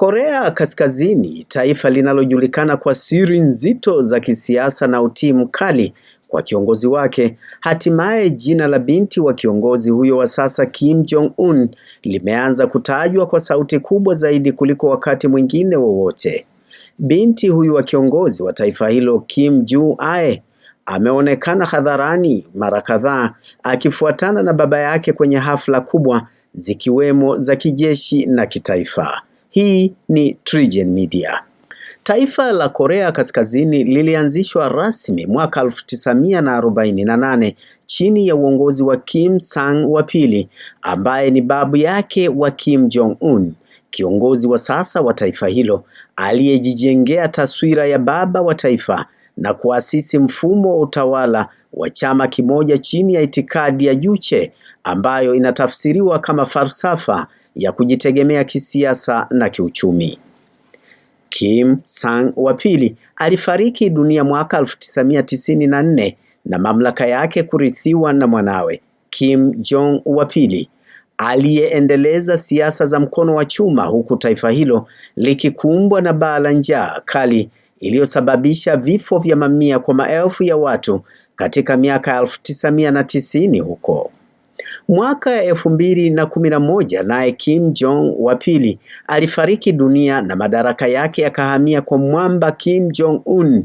Korea Kaskazini, taifa linalojulikana kwa siri nzito za kisiasa na utii mkali kwa kiongozi wake, hatimaye jina la binti wa kiongozi huyo wa sasa Kim Jong Un limeanza kutajwa kwa sauti kubwa zaidi kuliko wakati mwingine wowote. Binti huyu wa kiongozi wa taifa hilo Kim Ju Ae ameonekana hadharani mara kadhaa akifuatana na baba yake kwenye hafla kubwa zikiwemo za kijeshi na kitaifa. Hii ni TriGen Media. Taifa la Korea Kaskazini lilianzishwa rasmi mwaka 1948 chini ya uongozi wa Kim Sang wa pili ambaye ni babu yake wa Kim Jong Un, kiongozi wa sasa wa taifa hilo aliyejijengea taswira ya baba wa taifa na kuasisi mfumo wa utawala wa chama kimoja chini ya itikadi ya Juche ambayo inatafsiriwa kama falsafa ya kujitegemea kisiasa na kiuchumi. Kim Sang wa pili alifariki dunia mwaka 1994 na mamlaka yake kurithiwa na mwanawe Kim Jong wa pili aliyeendeleza siasa za mkono wa chuma huku taifa hilo likikumbwa na baa la njaa kali iliyosababisha vifo vya mamia kwa maelfu ya watu katika miaka 1990 huko. Mwaka elfu mbili na kumi na moja naye Kim Jong wa pili alifariki dunia na madaraka yake yakahamia kwa mwamba Kim Jong Un,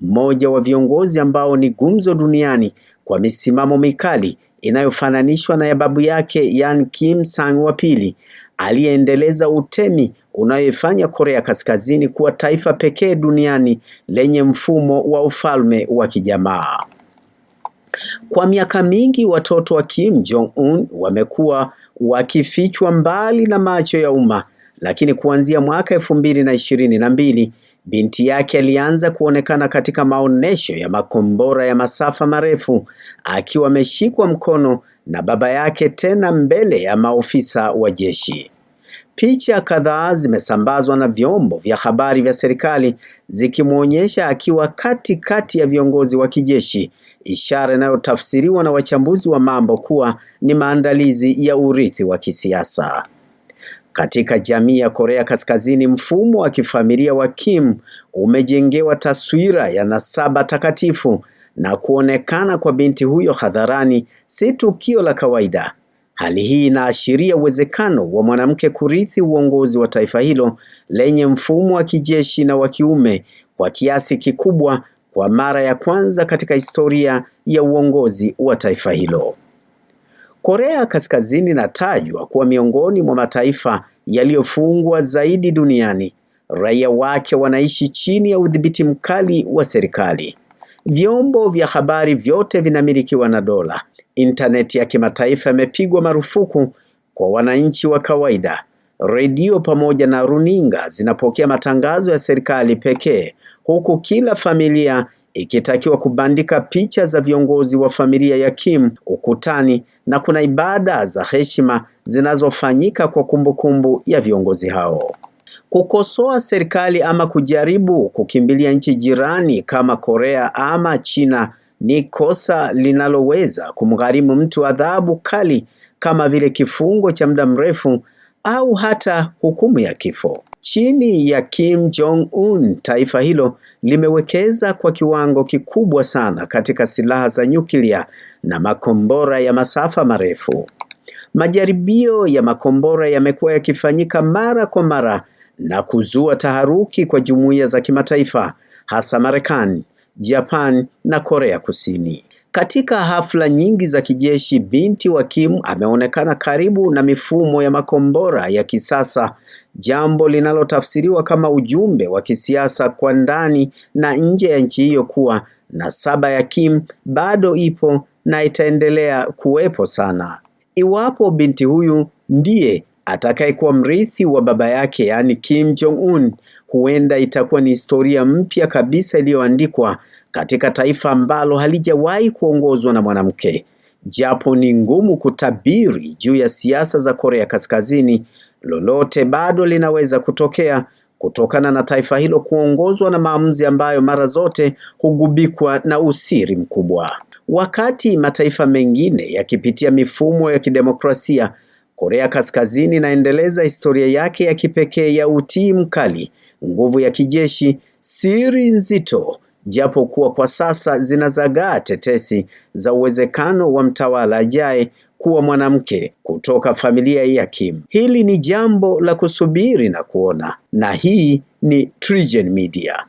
mmoja wa viongozi ambao ni gumzo duniani kwa misimamo mikali inayofananishwa na ya babu yake Yan Kim Sang wa pili aliyeendeleza utemi unayoifanya Korea Kaskazini kuwa taifa pekee duniani lenye mfumo wa ufalme wa kijamaa. Kwa miaka mingi watoto wa Kim Jong Un wamekuwa wakifichwa mbali na macho ya umma, lakini kuanzia mwaka elfu mbili na ishirini na mbili binti yake alianza kuonekana katika maonyesho ya makombora ya masafa marefu akiwa ameshikwa mkono na baba yake, tena mbele ya maofisa wa jeshi. Picha kadhaa zimesambazwa na vyombo vya habari vya serikali zikimwonyesha akiwa katikati kati ya viongozi wa kijeshi ishara inayotafsiriwa na wachambuzi wa mambo kuwa ni maandalizi ya urithi wa kisiasa. Katika jamii ya Korea Kaskazini, mfumo wa kifamilia wa Kim umejengewa taswira ya nasaba takatifu na kuonekana kwa binti huyo hadharani si tukio la kawaida. Hali hii inaashiria uwezekano wa mwanamke kurithi uongozi wa taifa hilo lenye mfumo wa kijeshi na wa kiume kwa kiasi kikubwa kwa mara ya kwanza katika historia ya uongozi wa taifa hilo. Korea Kaskazini inatajwa kuwa miongoni mwa mataifa yaliyofungwa zaidi duniani. Raia wake wanaishi chini ya udhibiti mkali wa serikali. Vyombo vya habari vyote vinamilikiwa na dola. Intaneti ya kimataifa imepigwa marufuku kwa wananchi wa kawaida. Redio pamoja na runinga zinapokea matangazo ya serikali pekee huku kila familia ikitakiwa kubandika picha za viongozi wa familia ya Kim ukutani na kuna ibada za heshima zinazofanyika kwa kumbukumbu kumbu ya viongozi hao. Kukosoa serikali ama kujaribu kukimbilia nchi jirani kama Korea ama China ni kosa linaloweza kumgharimu mtu adhabu kali kama vile kifungo cha muda mrefu au hata hukumu ya kifo chini ya Kim Jong Un, taifa hilo limewekeza kwa kiwango kikubwa sana katika silaha za nyuklia na makombora ya masafa marefu. Majaribio ya makombora yamekuwa yakifanyika mara kwa mara na kuzua taharuki kwa jumuiya za kimataifa hasa Marekani, Japan na Korea Kusini. Katika hafla nyingi za kijeshi, binti wa Kim ameonekana karibu na mifumo ya makombora ya kisasa jambo linalotafsiriwa kama ujumbe wa kisiasa kwa ndani na nje ya nchi hiyo kuwa nasaba ya Kim bado ipo na itaendelea kuwepo sana. Iwapo binti huyu ndiye atakayekuwa mrithi wa baba yake, yaani Kim Jong Un, huenda itakuwa ni historia mpya kabisa iliyoandikwa katika taifa ambalo halijawahi kuongozwa na mwanamke. Japo ni ngumu kutabiri juu ya siasa za Korea Kaskazini, lolote bado linaweza kutokea kutokana na taifa hilo kuongozwa na maamuzi ambayo mara zote hugubikwa na usiri mkubwa. Wakati mataifa mengine yakipitia mifumo ya kidemokrasia, Korea Kaskazini inaendeleza historia yake ya kipekee ya utii mkali, nguvu ya kijeshi, siri nzito, japo kuwa kwa sasa zinazagaa tetesi za uwezekano wa mtawala ajaye kuwa mwanamke kutoka familia ya Kim. Hili ni jambo la kusubiri na kuona, na hii ni TriGen Media.